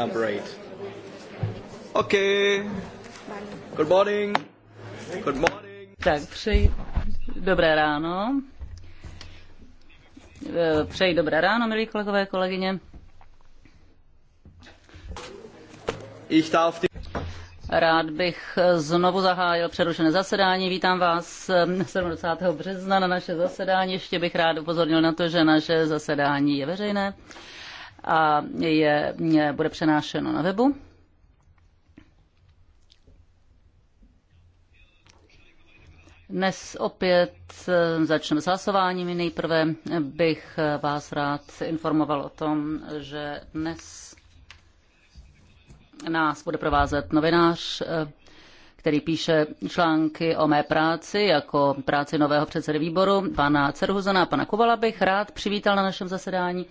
number eight. Okay. Good morning. Good morning. Tak přeji dobré ráno. E, přeji dobré ráno, milí kolegové, kolegyně. Ich darf die Rád bych znovu zahájil přerušené zasedání. Vítám vás e, 27. března na naše zasedání. Ještě bych rád upozornil na to, že naše zasedání je veřejné a je, bude přenášeno na webu. Dnes opět eh, začneme s hlasováním. Nejprve bych eh, vás rád informoval o tom, že dnes nás bude provázet novinář, eh, který píše články o mé práci jako práci nového předsedy výboru, pana Cerhuzana a pana Kovala bych rád přivítal na našem zasedání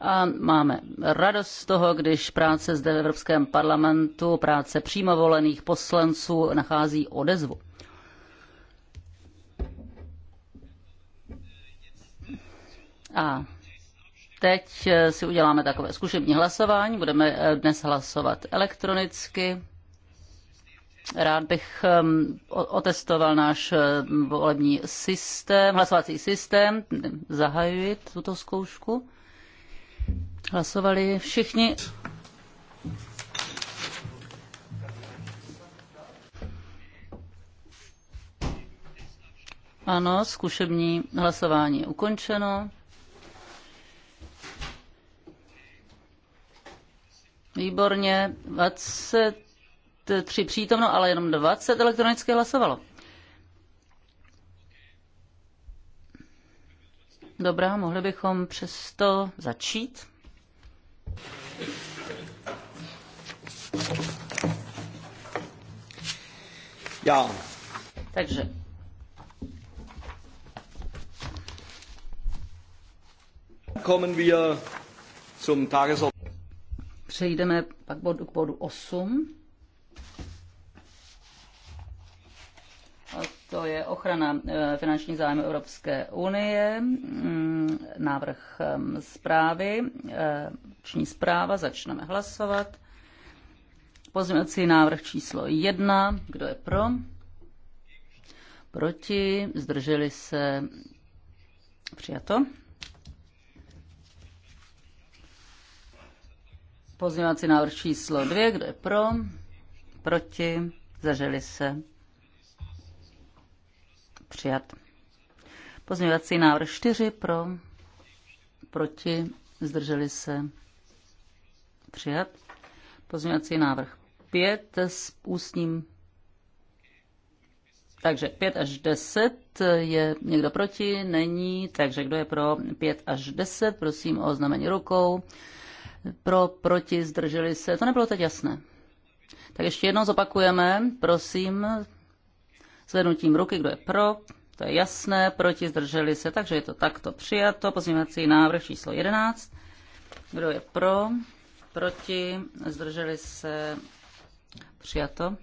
a máme radost z toho, když práce zde v Evropském parlamentu, práce přímo volených poslanců nachází odezvu. A teď si uděláme takové zkušební hlasování. Budeme eh, dnes hlasovat elektronicky. Rád bych ehm, otestoval náš eh, volební systém, hlasovací systém. Zahajuji tuto zkoušku. Hlasovali všichni. Ano, zkušební hlasování je ukončeno. Výborně, 23 přítomno, ale jenom 20 elektronicky hlasovalo. Dobrá, mohli bychom přesto začít. Já. Takže. Kommen wir zum Tagesordnung. Přejdeme pak bodu, k bodu 8. A to je ochrana eh, finančních zájmů Evropské unie, mm, návrh ehm, zprávy, eh, ční zpráva, začneme hlasovat. Pozměňovací návrh číslo 1. Kdo je pro? Proti? Zdrželi se? Přijato. Pozměňovací návrh číslo 2. Kdo je pro? Proti? Zdrželi se? Přijat. Pozměňovací návrh 4 pro, proti, zdrželi se, přijat. Pozměňovací návrh 5 s ústním. Takže 5 až 10 je někdo proti? Není. Takže kdo je pro 5 až 10? Prosím o znamení rukou. Pro, proti, zdrželi se. To nebylo teď jasné. Tak ještě jednou zopakujeme. Prosím, zvednutím ruky, kdo je pro. To je jasné, proti zdrželi se, takže je to takto přijato. Pozměňovací návrh číslo 11. Kdo je pro? Proti zdrželi se Přijato.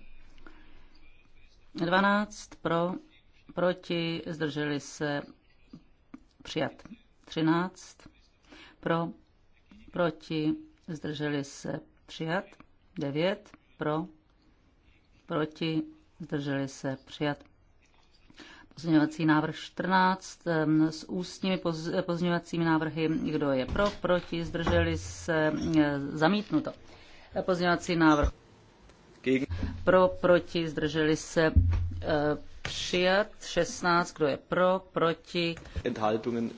12 pro, proti, zdrželi se, přijat. 13 pro, proti, zdrželi se, přijat. 9 pro, proti, zdrželi se, přijat. Pozměňovací návrh 14 s ústními pozměňovacími návrhy. Kdo je pro, proti, zdrželi se, e, zamítnuto. Pozměňovací návrh pro, proti, zdrželi se eh, přijat. 16, kdo je pro, proti. Enthaltungen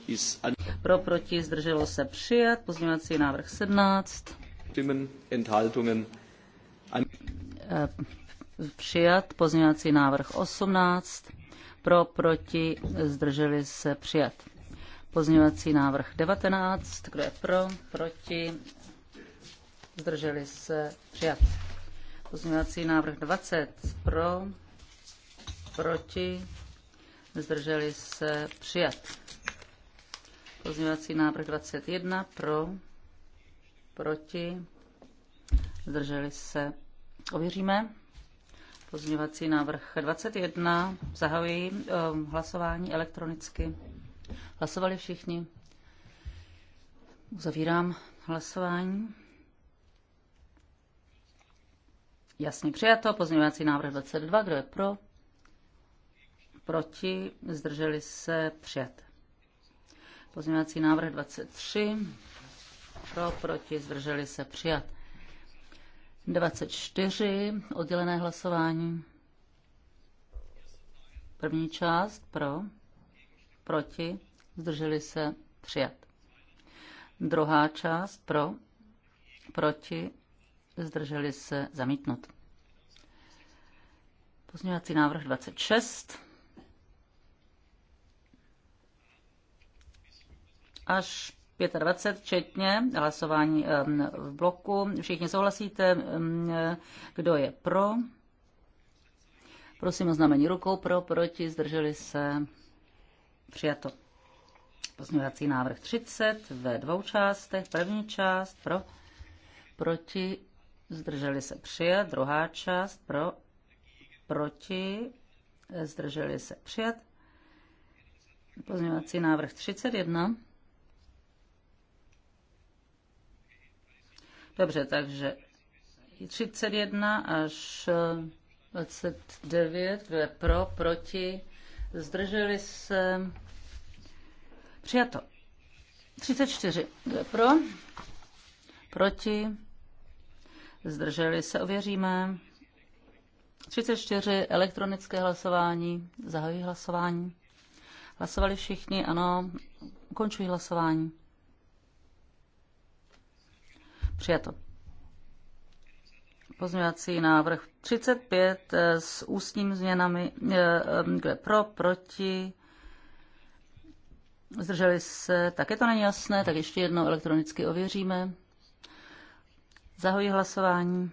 an... Pro, proti, zdrželo se přijat. Pozměňovací návrh 17. Stimmen, Enthaltungen an... Eh, přijat. Pozměňovací návrh 18. Pro, proti, zdrželi se přijat. Pozměňovací návrh 19. Kdo je pro, proti, zdrželi se přijat. Pozměňovací návrh 20 pro, proti, zdrželi se přijat. Pozměňovací návrh 21 pro, proti, zdrželi se. Ověříme. Pozměňovací návrh 21. Zahajuji um, hlasování elektronicky. Hlasovali všichni. Uzavírám hlasování. Jasně přijato. Pozměňovací návrh 22. Kdo je pro? Proti? Zdrželi se? Přijat. Pozměňovací návrh 23. Pro, proti, zdrželi se, přijat. 24. Oddělené hlasování. První část pro, proti, zdrželi se, přijat. Druhá část pro, proti, zdrželi se, zamítnut. Pozměňovací návrh 26. Až 25, včetně hlasování v bloku. Všichni souhlasíte, kdo je pro. Prosím o znamení rukou pro, proti, zdrželi se. Přijato. Pozměňovací návrh 30 ve dvou částech. První část pro, proti, zdrželi se přijat, druhá část pro, proti, zdrželi se přijat. Pozměňovací návrh 31. Dobře, takže 31 až 29, kdo je pro, proti, zdrželi se, přijato. 34, kdo je pro, proti, zdrželi se, ověříme. 34 elektronické hlasování, zahajuji hlasování. Hlasovali všichni, ano, ukončují hlasování. Přijato. Pozměňovací návrh 35 eh, s ústními změnami, eh, eh, kde pro, proti, zdrželi se, také to není jasné, tak ještě jednou elektronicky ověříme. Zahoji hlasování.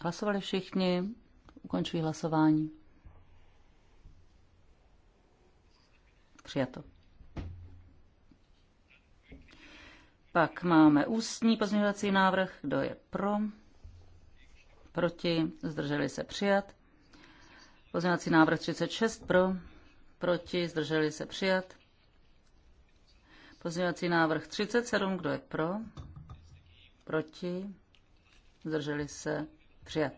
Hlasovali všichni. Ukončuji hlasování. Přijato. Pak máme ústní pozměňovací návrh. Kdo je pro? Proti? Zdrželi se přijat. Pozměňovací návrh 36 pro. Proti? Zdrželi se přijat. Pozměňovací návrh 37, kdo je pro? Proti? Zdrželi se? Přijat.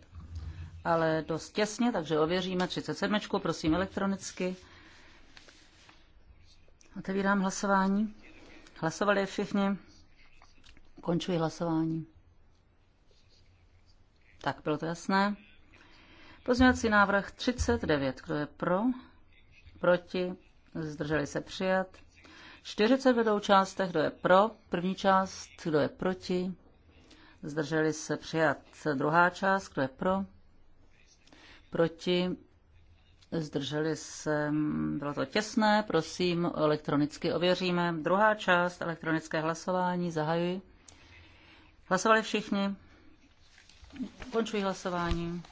Ale dost těsně, takže ověříme 37, prosím elektronicky. Otevírám hlasování. Hlasovali všichni. Končuji hlasování. Tak, bylo to jasné. Pozměňovací návrh 39. Kdo je pro? Proti? Zdrželi se přijat. 40 ve dvou částech, kdo je pro, první část, kdo je proti, zdrželi se přijat. Druhá část, kdo je pro, proti, zdrželi se, bylo to těsné, prosím, elektronicky ověříme. Druhá část, elektronické hlasování, zahajuji. Hlasovali všichni? Končuji hlasování.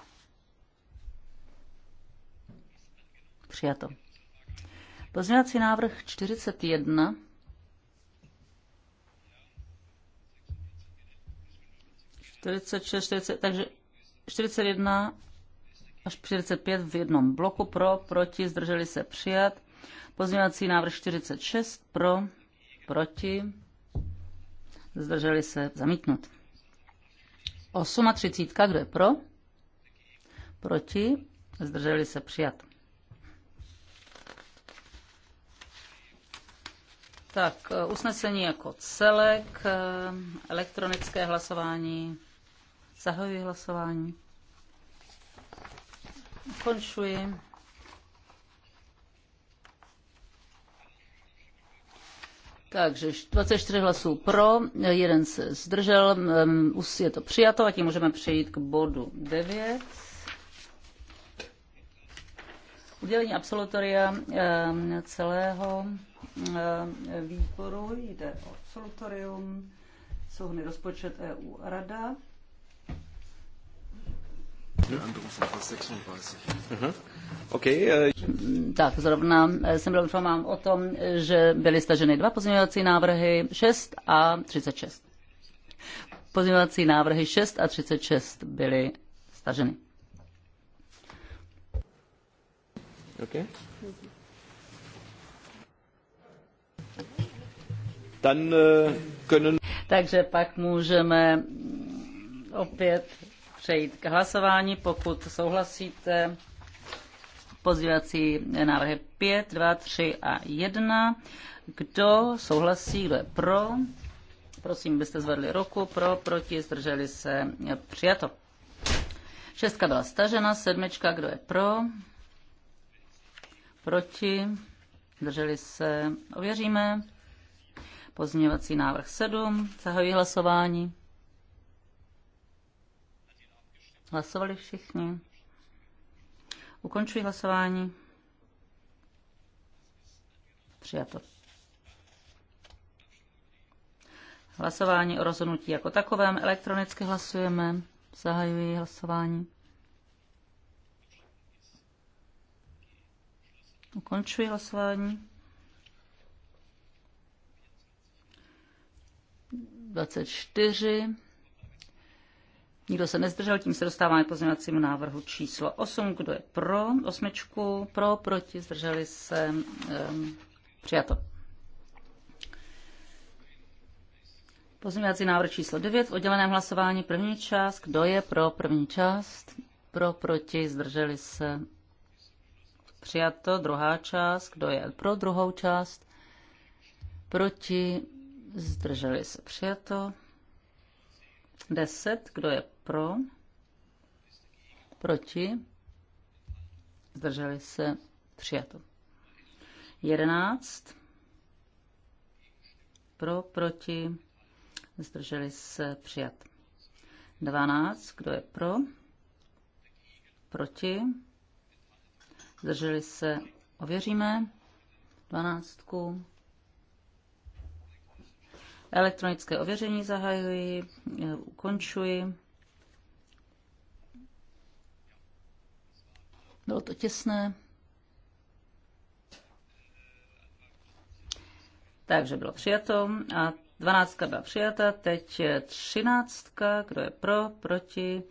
Přijato. Pozměňovací návrh 41 46, takže 41 až 45 v jednom bloku pro, proti, zdrželi se přijat. Pozměňovací návrh 46 pro, proti, zdrželi se zamítnut. 38, kdo je pro, proti, zdrželi se přijat. Tak eh, usnesení jako celek, eh, elektronické hlasování, zahajuji hlasování, končuji. Takže 24 hlasů pro, jeden se zdržel, mm, mm, už je to přijato a tím můžeme přejít k bodu 9. Udělení absolutoria eh, celého Eh, výboru, jde o absolutorium, souhny rozpočet EU a Rada. Aha. Mhm. Okay, uh... Tak, zrovna eh, jsem byl informován o tom, že byly staženy dva pozměňovací návrhy, 6 a 36. Pozměňovací návrhy 6 a 36 byly staženy. Okay. Dann, uh, können... Takže pak můžeme opět přejít k hlasování, pokud souhlasíte. Pozdělací návrhy 5, 2, 3 a 1. Kdo souhlasí, kdo je pro? Prosím, byste zvedli ruku pro, proti, zdrželi se, přijato. Šestka byla stažena, sedmička, kdo je pro? Proti, zdrželi se, ověříme. Pozměňovací návrh 7. Zahajuji hlasování. Hlasovali všichni. Ukončuji hlasování. Přijato. Hlasování o rozhodnutí jako takovém. Elektronicky hlasujeme. Zahajuji hlasování. Ukončuji hlasování. 24. Nikdo se nezdržel, tím se dostáváme k pozměňovacímu návrhu číslo 8. Kdo je pro? Osmičku. Pro, proti, zdrželi se. přijato. Pozměňovací návrh číslo 9 v odděleném hlasování první část. Kdo je pro první část? Pro, proti, zdrželi se. Přijato druhá část. Kdo je pro druhou část? Proti, Zdrželi se přijato. 10. Kdo je pro? Proti? Zdrželi se přijato. 11. Pro, proti? Zdrželi se přijat. 12. Kdo je pro? Proti? Zdrželi se. Ověříme. 12. Elektronické ověření zahajuji, e, ukončuji. Bylo to těsné. Takže bylo přijato a dvanáctka byla přijata, teď třináctka, kdo je pro, proti,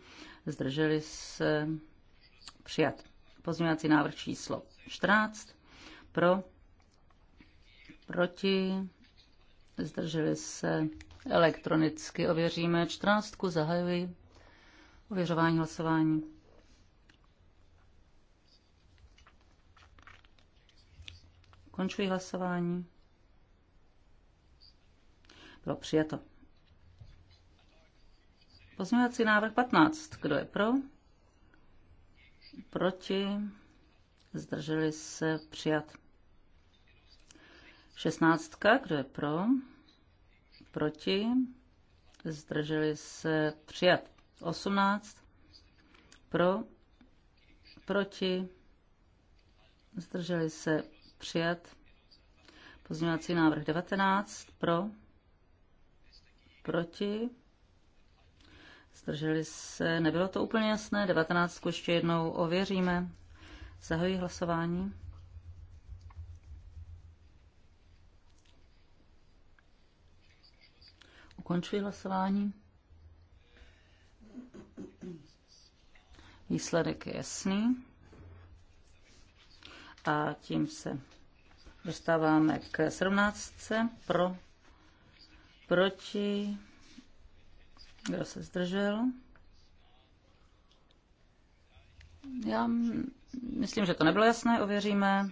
zdrželi se přijat. Pozměňovací návrh číslo 14, pro, proti, zdrželi se, elektronicky ověříme. Čtrnáctku zahajuji ověřování hlasování. Končuji hlasování. Bylo přijato. Pozměňovací návrh 15. Kdo je pro? Proti? Zdrželi se přijat. Šestnáctka, kdo je pro? Proti? Zdrželi se přijat. Osmnáct. Pro? Proti? Zdrželi se přijat. Pozměňovací návrh 19. Pro? Proti? Zdrželi se, nebylo to úplně jasné, 19 ještě jednou ověříme. Zahojí hlasování. Ukončuji hlasování. Výsledek je jasný. A tím se dostáváme k 17. Pro, proti, kdo se zdržel? Já myslím, že to nebylo jasné, ověříme.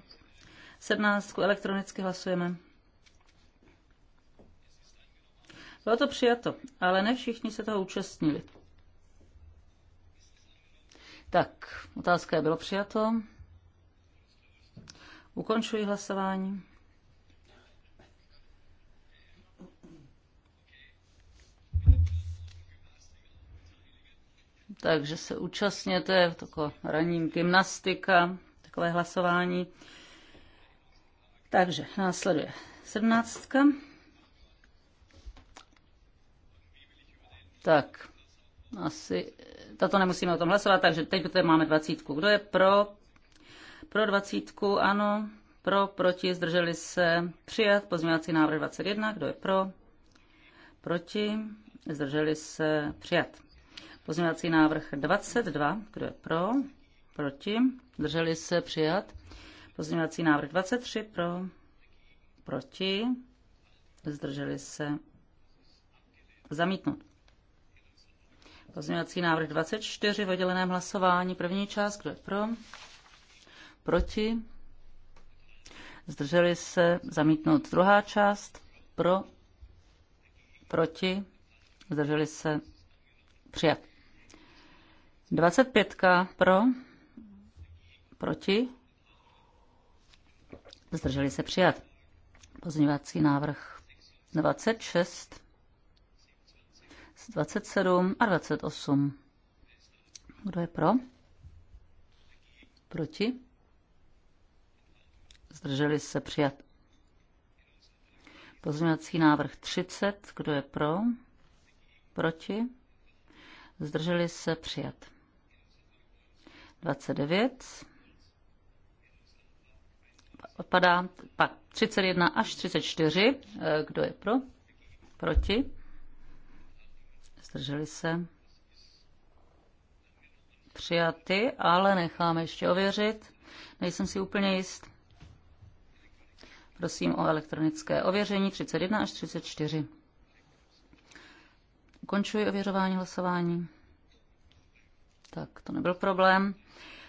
17. elektronicky hlasujeme. Bylo to přijato, ale ne všichni se toho účastnili. Tak, otázka je, bylo přijato. Ukončuji hlasování. Takže se účastněte, takové ranní gymnastika, takové hlasování. Takže následuje sedmnáctka. Tak, asi tato nemusíme o tom hlasovat, takže teď tady máme dvacítku. Kdo je pro? Pro dvacítku, ano. Pro, proti, zdrželi se, přijat. Pozměňovací návrh 21, kdo je pro? Proti, zdrželi se, přijat. Pozměňovací návrh 22, kdo je pro? Proti, zdrželi se, přijat. Pozměňovací návrh 23, pro? Proti, zdrželi se, zamítnout. Pozměňovací návrh 24 v odděleném hlasování. První část, kdo je pro? Proti? Zdrželi se zamítnout druhá část. Pro? Proti? Zdrželi se přijat. 25 pro? Proti? Zdrželi se přijat. Pozměňovací návrh 26 27 a 28. Kdo je pro? Proti? Zdrželi se přijat. Pozměňovací návrh 30. Kdo je pro? Proti? Zdrželi se přijat. 29 odpadá pak 31 až 34. Kdo je pro? Proti? Zdrželi se? Přijaty, ale necháme ještě ověřit. Nejsem si úplně jist. Prosím o elektronické ověření 31 až 34. Ukončuji ověřování hlasování. Tak, to nebyl problém.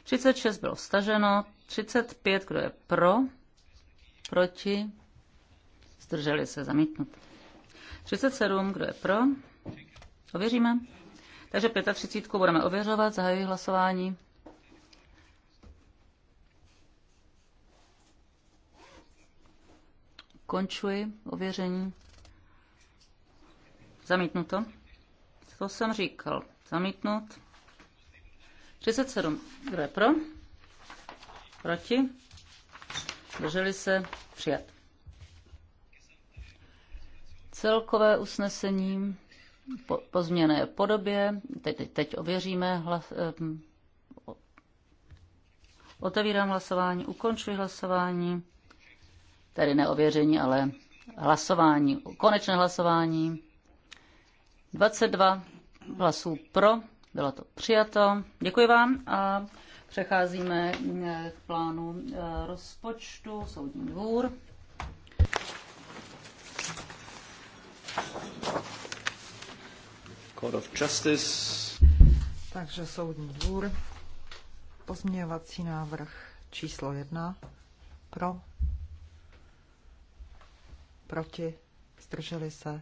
36 bylo staženo, 35, kdo je pro, proti, zdrželi se zamítnut. 37, kdo je pro, Ověříme. Takže 35 budeme ověřovat, zahajuji hlasování. Končuji ověření. Zamítnuto. To jsem říkal. Zamítnut. 37. Kdo je pro? Proti? Drželi se? Přijat. Celkové usnesení po, změné podobě. Teď, teď ověříme. Hlas, eh, otevírám hlasování, ukončuji hlasování. Tedy neověření, ale hlasování, konečné hlasování. 22 hlasů pro, bylo to přijato. Děkuji vám a přecházíme k plánu eh, rozpočtu Soudní dvůr. Court of Justice. Takže soudní dvůr. Pozměňovací návrh číslo jedna. Pro. Proti. Zdrželi se.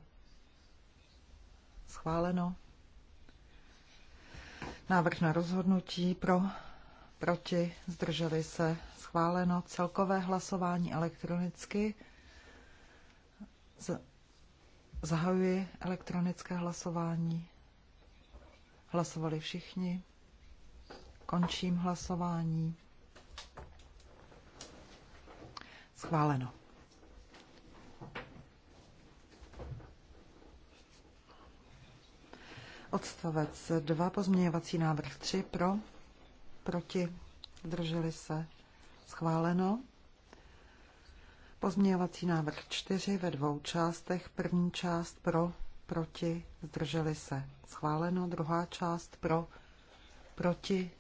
Schváleno. Návrh na rozhodnutí pro, proti, zdrželi se, schváleno celkové hlasování elektronicky. Zahajuji elektronické hlasování. Hlasovali všichni. Končím hlasování. Schváleno. Odstavec 2, pozměňovací návrh 3, pro, proti, drželi se, schváleno. Pozměňovací návrh 4 ve dvou částech. První část pro, proti, zdrželi se. Schváleno. Druhá část pro, proti,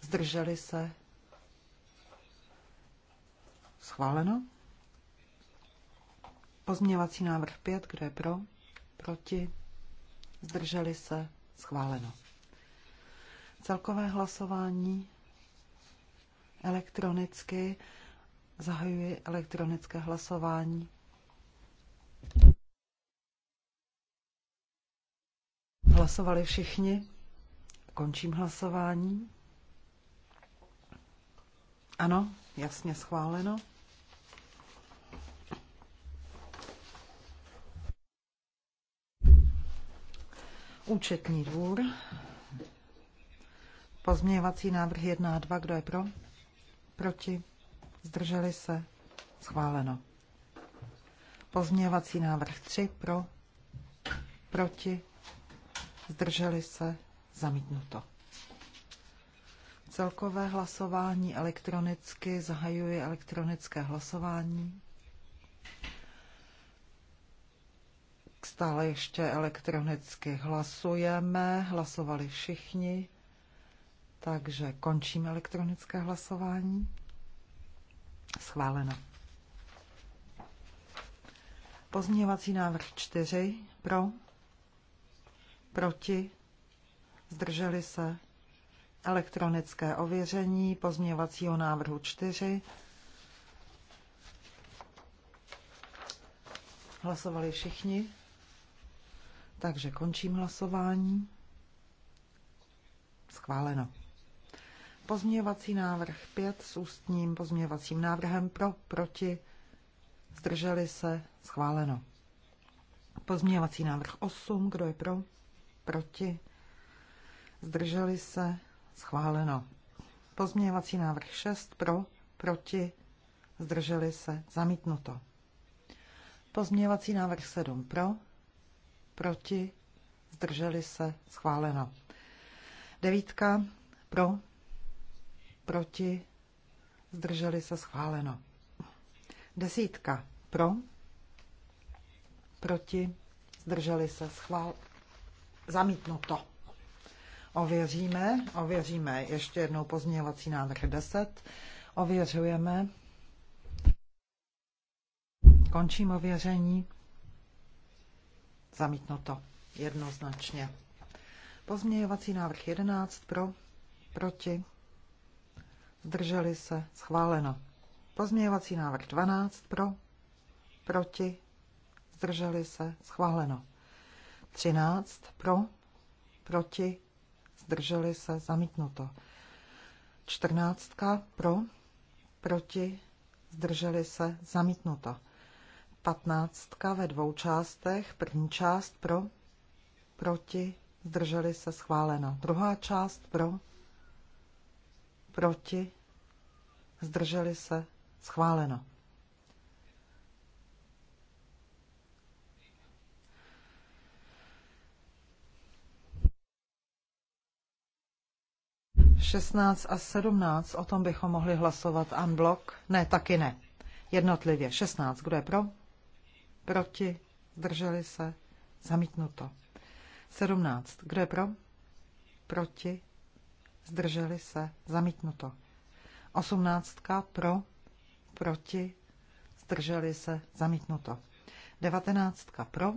zdrželi se. Schváleno. Pozměňovací návrh 5, kdo je pro, proti, zdrželi se. Schváleno. Celkové hlasování elektronicky Zahajuji elektronické hlasování. Hlasovali všichni? Končím hlasování. Ano, jasně schváleno. Účetní dvůr. Pozměňovací návrh 1 a 2. Kdo je pro? Proti? zdrželi se, schváleno. Pozměňovací návrh 3 pro, proti, zdrželi se, zamítnuto. Celkové hlasování elektronicky zahajuje elektronické hlasování. Stále ještě elektronicky hlasujeme, hlasovali všichni, takže končím elektronické hlasování. Schváleno. Pozměňovací návrh 4. Pro. Proti. Zdrželi se. Elektronické ověření pozměňovacího návrhu 4. Hlasovali všichni. Takže končím hlasování. Schváleno. Pozměňovací návrh 5 s ústním pozměňovacím návrhem pro, proti, zdrželi se, schváleno. Pozměňovací návrh 8, kdo je pro, proti, zdrželi se, schváleno. Pozměňovací návrh 6 pro, proti, zdrželi se, zamítnuto. Pozměňovací návrh 7 pro, proti, zdrželi se, schváleno. Devítka pro, proti, zdrželi se schváleno. Desítka pro, proti, zdrželi se schvál, zamítnuto. Ověříme, ověříme ještě jednou pozměňovací návrh 10, ověřujeme, končím ověření, zamítnuto jednoznačně. Pozměňovací návrh 11 pro, proti, Zdrželi se. Schváleno. Pozměňovací návrh 12. Pro. Proti. Zdrželi se. Schváleno. 13. Pro. Proti. Zdrželi se. Zamítnuto. 14. Pro. Proti. Zdrželi se. Zamítnuto. 15. ve dvou částech. První část pro. Proti. Zdrželi se. Schváleno. Druhá část pro proti, zdrželi se, schváleno. Šestnáct a sedmnáct, o tom bychom mohli hlasovat unblock. Ne, taky ne. Jednotlivě. Šestnáct, kdo je pro? Proti, zdrželi se, zamítnuto. Sedmnáct, kdo je pro? Proti, zdrželi se, zamítnuto. Osmnáctka pro, proti, zdrželi se, zamítnuto. Devatenáctka pro,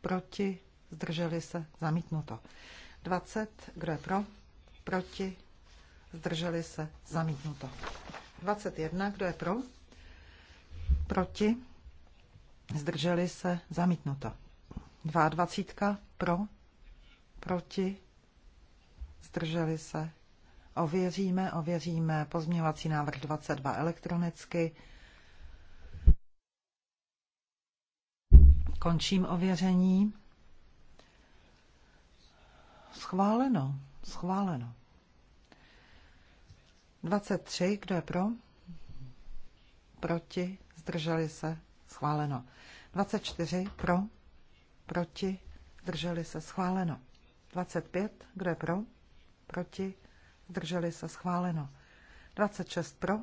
proti, zdrželi se, zamítnuto. Dvacet, kdo je pro, proti, zdrželi se, zamítnuto. Dvacet jedna, kdo je pro, proti, zdrželi se, zamítnuto. Dvádvacítka pro, proti, zdrželi se. Ověříme, ověříme pozměňovací návrh 22 elektronicky. Končím ověření. Schváleno, schváleno. 23, kdo je pro? Proti, zdrželi se, schváleno. 24, pro? Proti, zdrželi se, schváleno. 25, kdo je pro? proti, zdrželi se, schváleno. 26 pro,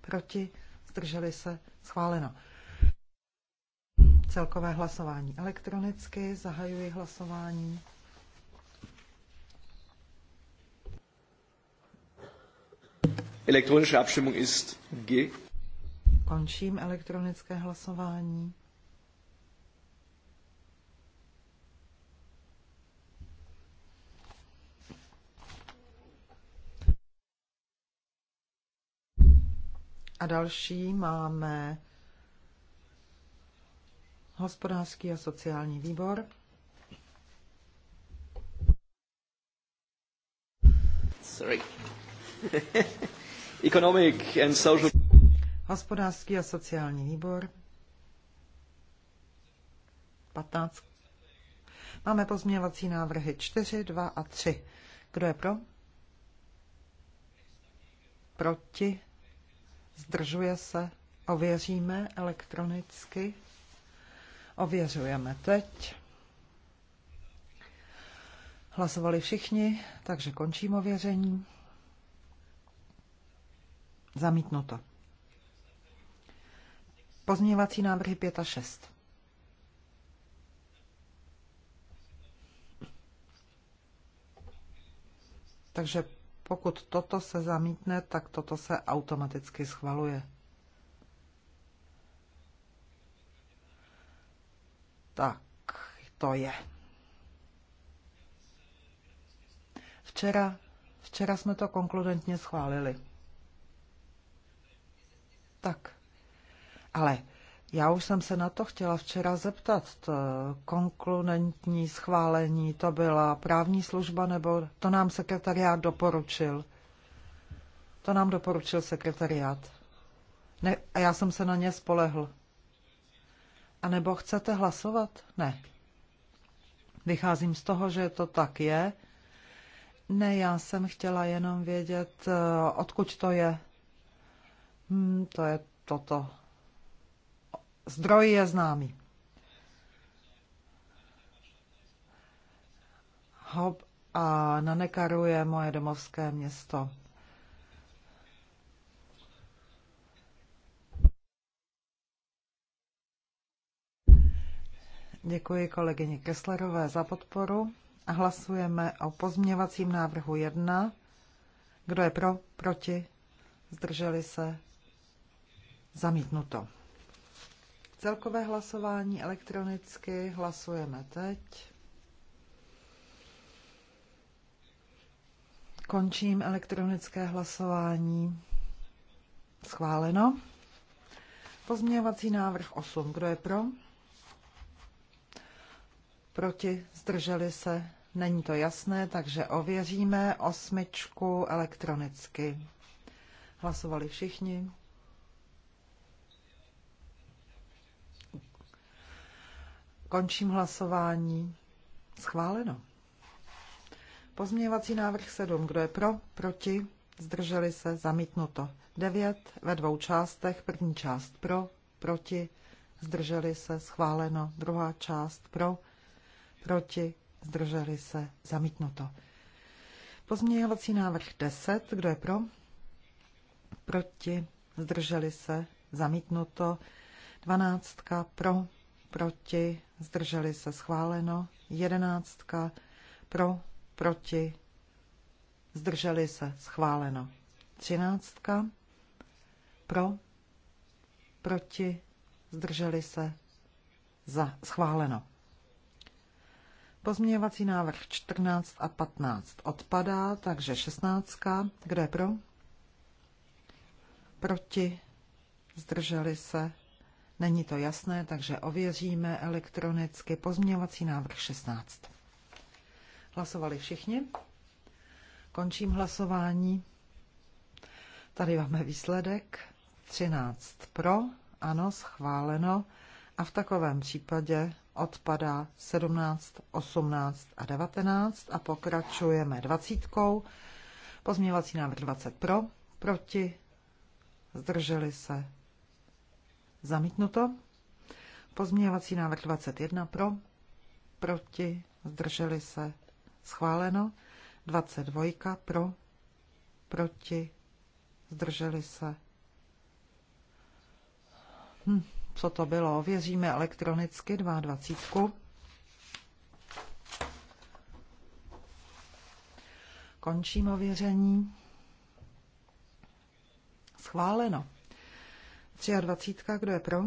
proti, zdrželi se, schváleno. Celkové hlasování elektronicky, zahajuji hlasování. Elektronische Abstimmung ist G. Končím elektronické hlasování. A další máme hospodářský a sociální výbor. Sorry. Economic and social... Hospodářský a sociální výbor. 15. Máme pozměňovací návrhy 4, 2 a 3. Kdo je pro? Proti? zdržuje se, ověříme elektronicky. Ověřujeme teď. Hlasovali všichni, takže končím ověření. Zamítnuto. Pozměňovací návrhy 5 a 6. Takže pokud toto se zamítne, tak toto se automaticky schvaluje. Tak to je. Včera, včera jsme to konkludentně schválili. Tak. Ale já už jsem se na to chtěla včera zeptat. To konkludentní schválení, to byla právní služba, nebo to nám sekretariát doporučil? To nám doporučil sekretariát. Ne, a já jsem se na ně spolehl. A nebo chcete hlasovat? Ne. Vycházím z toho, že to tak je. Ne, já jsem chtěla jenom vědět, eh, odkud to je. Hmm, to je toto. Zdroj je známý. Hob a Nanekaru je moje domovské město. Děkuji kolegyni Kesslerové za podporu a hlasujeme o pozměvacím návrhu 1. Kdo je pro, proti, zdrželi se, zamítnuto. Celkové hlasování elektronicky hlasujeme teď. Končím elektronické hlasování. Schváleno. Pozměňovací návrh 8. Kdo je pro? Proti? Zdrželi se? Není to jasné, takže ověříme osmičku elektronicky. Hlasovali všichni. Končím hlasování. Schváleno. Pozměňovací návrh 7. Kdo je pro? Proti? Zdrželi se? Zamítnuto. 9. Ve dvou částech. První část pro? Proti? Zdrželi se? Schváleno. Druhá část pro? Proti? Zdrželi se? Zamítnuto. Pozměňovací návrh 10. Kdo je pro? Proti? Zdrželi se? Zamítnuto. Dvanáctka Pro? proti, zdrželi se schváleno, jedenáctka pro, proti, zdrželi se schváleno, třináctka pro, proti, zdrželi se za schváleno. Pozměňovací návrh 14 a 15 odpadá, takže 16. Kdo je pro? Proti? Zdrželi se? Není to jasné, takže ověříme elektronicky pozměňovací návrh 16. Hlasovali všichni? Končím hlasování. Tady máme výsledek. 13 pro, ano, schváleno. A v takovém případě odpadá 17, 18 a 19 a pokračujeme 20. Pozměňovací návrh 20 pro, proti, zdrželi se, Zamítnuto. Pozměňovací návrh 21 pro, proti, zdrželi se, schváleno. 22 pro, proti, zdrželi se. Hm, co to bylo? Ověříme elektronicky 22. Končím ověření. Schváleno. 23. Kdo je pro?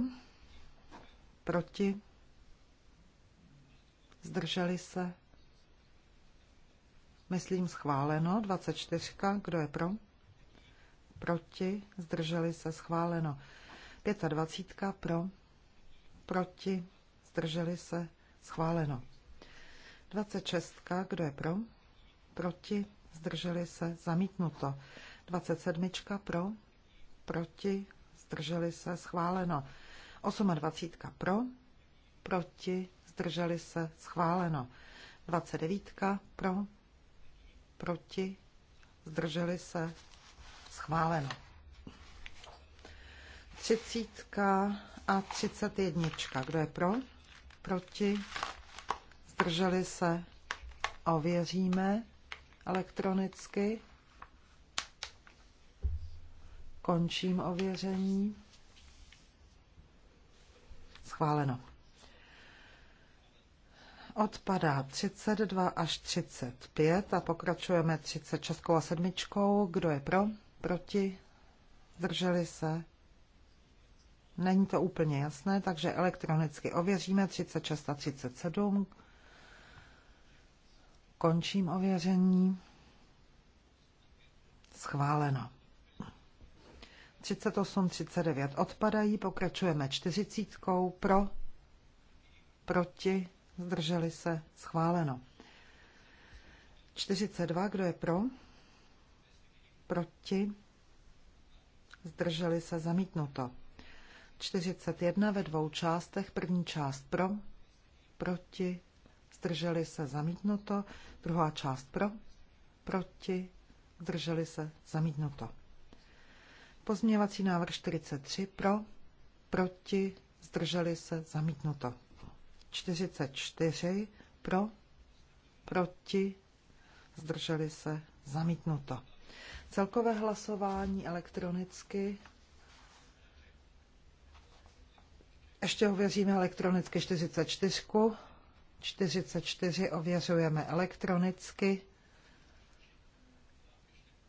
Proti? Zdrželi se? Myslím schváleno. 24. Kdo je pro? Proti? Zdrželi se? Schváleno. 25. Pro? Proti? Zdrželi se? Schváleno. 26. Kdo je pro? Proti? Zdrželi se? Zamítnuto. 27. Pro? Proti? zdrželi se, schváleno. 28 pro, proti, zdrželi se, schváleno. 29 pro, proti, zdrželi se, schváleno. 30 a 31. Kdo je pro? Proti? Zdrželi se? Ověříme elektronicky. Končím ověření. Schváleno. Odpadá 32 až 35 a pokračujeme 36 a 7. Kdo je pro? Proti? Zdrželi se? Není to úplně jasné, takže elektronicky ověříme 36 a 37. Končím ověření. Schváleno. 38, 39 odpadají, pokračujeme čtyřicítkou pro, proti, zdrželi se, schváleno. 42, kdo je pro, proti, zdrželi se, zamítnuto. 41 ve dvou částech, první část pro, proti, zdrželi se, zamítnuto, druhá část pro, proti, zdrželi se, zamítnuto. Pozměňovací návrh 43 pro, proti, zdrželi se, zamítnuto. 44 pro, proti, zdrželi se, zamítnuto. Celkové hlasování elektronicky. Ještě ověříme elektronicky 44. 44 ověřujeme elektronicky.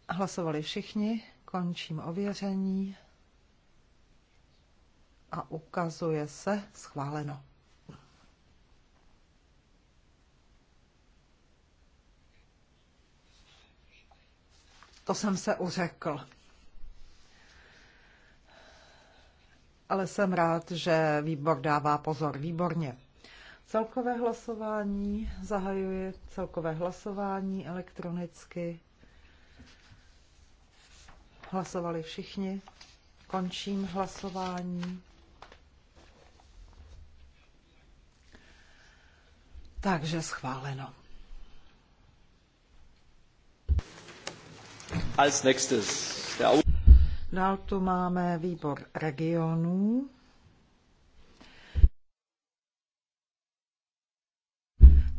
Hlasovali všichni. Končím ověření a ukazuje se schváleno. To jsem se uřekl. Ale jsem rád, že výbor dává pozor. Výborně. Celkové hlasování zahajuje celkové hlasování elektronicky. Hlasovali všichni. Končím hlasování. Takže schváleno. Als nächstes. Dál tu máme výbor regionů.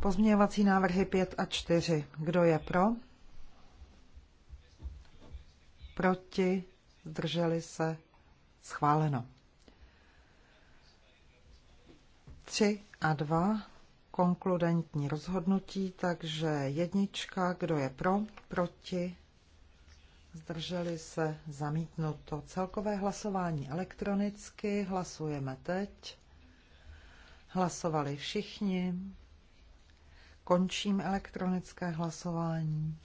Pozměňovací návrhy 5 a 4. Kdo je pro? proti, zdrželi se, schváleno. 3 a 2 konkludentní rozhodnutí, takže jednička, kdo je pro, proti, zdrželi se, zamítnuto. Celkové hlasování elektronicky, hlasujeme teď. Hlasovali všichni. Končím elektronické hlasování.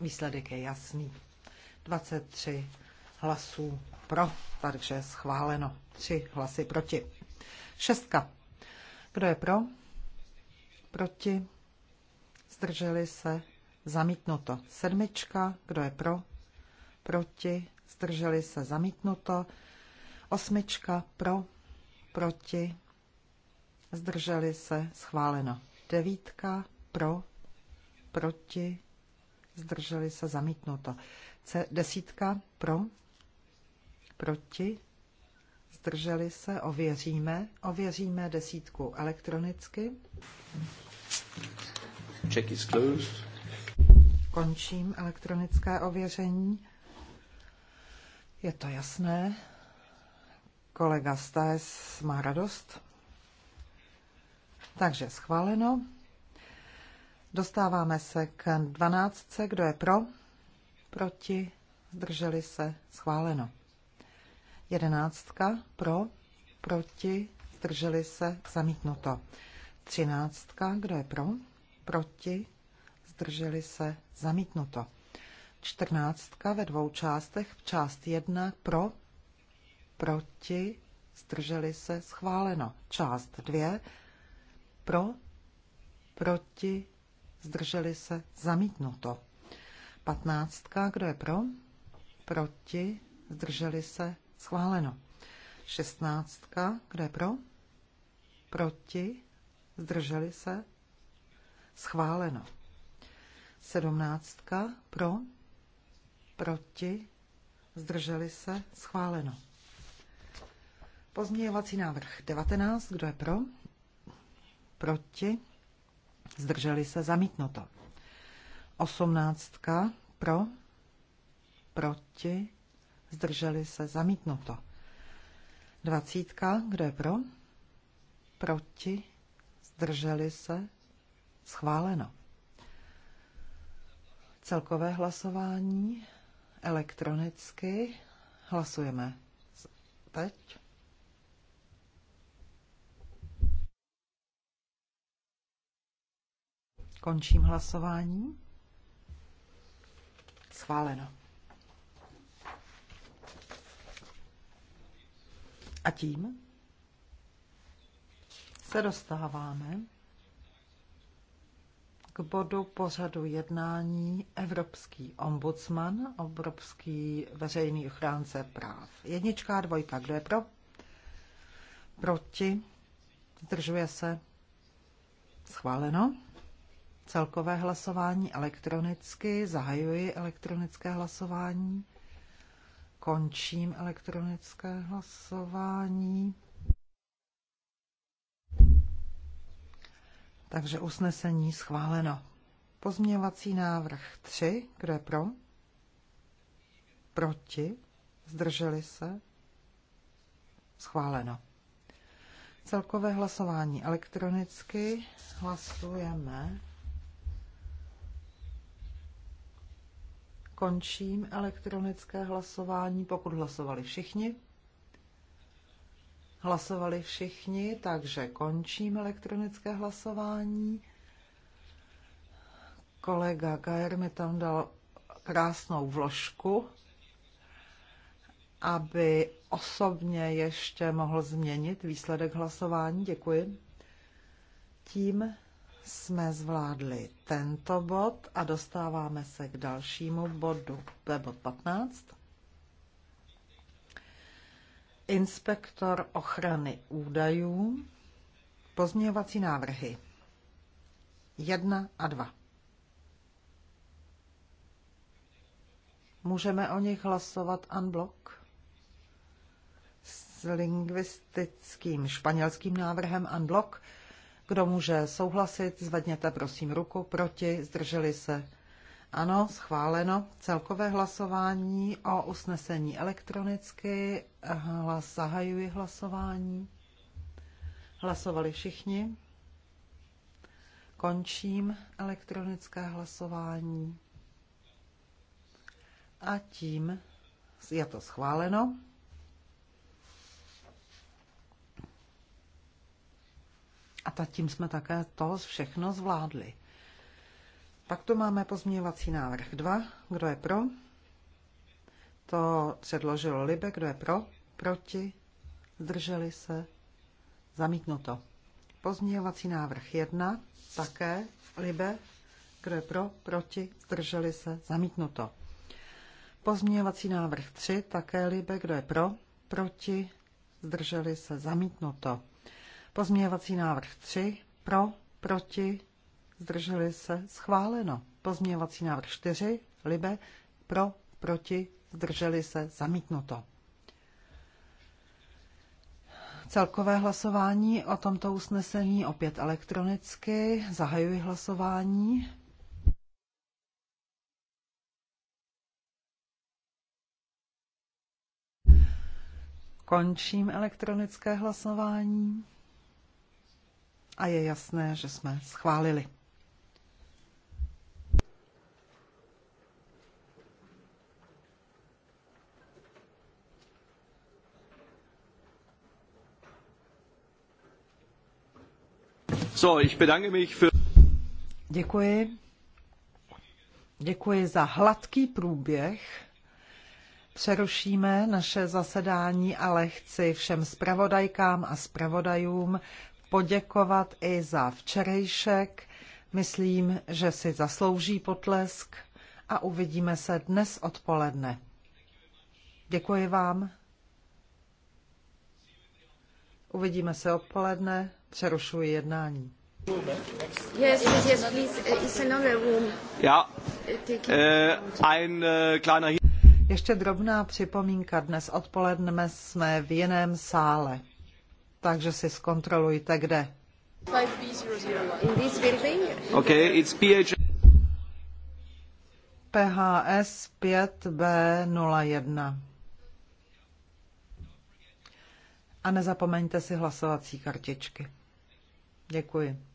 Výsledek je jasný. 23 hlasů pro, takže schváleno. 3 hlasy proti. Šestka. Kdo je pro? Proti? Zdrželi se? Zamítnuto. Sedmička. Kdo je pro? Proti? Zdrželi se? Zamítnuto. Osmička. Pro? Proti? Zdrželi se? Schváleno. Devítka. Pro? Proti? zdrželi se zamítnuto. C, desítka pro, proti, zdrželi se, ověříme, ověříme desítku elektronicky. Check is closed. Končím elektronické ověření. Je to jasné. Kolega Staes má radost. Takže schváleno. Dostáváme se k 12. Kdo je pro? Proti? Zdrželi se? Schváleno. 11. pro, proti, zdrželi se, zamítnuto. Třináctka, kdo je pro, proti, zdrželi se, zamítnuto. Čtrnáctka ve dvou částech, v část jedna pro, proti, zdrželi se, schváleno. Část dvě pro, proti, zdrželi se, zamítnuto. Patnáctka, kdo je pro, proti, zdrželi se, schváleno. Šestnáctka, kdo je pro, proti, zdrželi se, schváleno. Sedmnáctka, pro, proti, zdrželi se, schváleno. Pozměňovací návrh 19, kdo je pro, proti, zdrželi se, zamítnuto. Osmnáctka pro, proti, zdrželi se, zamítnuto. Dvacítka, kdo je pro, proti, zdrželi se, schváleno. Celkové hlasování elektronicky hlasujeme teď. Končím hlasování. Schváleno. A tím se dostáváme k bodu pořadu jednání Evropský ombudsman, Evropský veřejný ochránce práv. Jednička a dvojka, kdo je pro? Proti? Zdržuje se? Schváleno. Celkové hlasování elektronicky. Zahajuji elektronické hlasování. Končím elektronické hlasování. Takže usnesení schváleno. Pozměňovací návrh 3. Kdo je pro? Proti? Zdrželi se? Schváleno. Celkové hlasování elektronicky. Hlasujeme. Končím elektronické hlasování, pokud hlasovali všichni. Hlasovali všichni, takže končím elektronické hlasování. Kolega Gajer mi tam dal krásnou vložku, aby osobně ještě mohl změnit výsledek hlasování. Děkuji. Tím jsme zvládli tento bod a dostáváme se k dalšímu bodu. To je bod 15. Inspektor ochrany údajů, pozměňovací návrhy 1 a 2. Můžeme o nich hlasovat unblock? S lingvistickým španělským návrhem unblock? Kdo může souhlasit, zvedněte prosím ruku. Proti, zdrželi se. Ano, schváleno. Celkové hlasování o usnesení elektronicky. Hlas, zahajuji hlasování. Hlasovali všichni. Končím elektronické hlasování. A tím je to schváleno. A tím jsme také to všechno zvládli. Pak tu máme pozměňovací návrh 2. Kdo je pro? To předložil Libe. Kdo je pro? Proti? Zdrželi se? Zamítnuto. Pozměňovací návrh 1. Také Libe. Kdo je pro? Proti? Zdrželi se? Zamítnuto. Pozměňovací návrh 3. Také Libe. Kdo je pro? Proti? Zdrželi se? Zamítnuto. Pozměňovací návrh 3 pro, proti, zdrželi se, schváleno. Pozměňovací návrh 4, libe, pro, proti, zdrželi se, zamítnuto. Celkové hlasování o tomto usnesení opět elektronicky. Zahajuji hlasování. Končím elektronické hlasování a je jasné, že jsme schválili. So, ich bedanke mich für... Děkuji. Děkuji za hladký průběh. Přerušíme naše zasedání, ale chci všem zpravodajkám a zpravodajům poděkovat i za včerejšek. Myslím, že si zaslouží potlesk a uvidíme se dnes odpoledne. Děkuji vám. Uvidíme se odpoledne. Přerušuji jednání. Yes, yes, yes, please. Uh, Is another room. Ja. Uh, uh, ein kleiner Ještě drobná připomínka. Dnes odpoledne jsme v jiném sále takže si zkontrolujte, kde. Okay, it's PH... PHS 5B01. A nezapomeňte si hlasovací kartičky. Děkuji.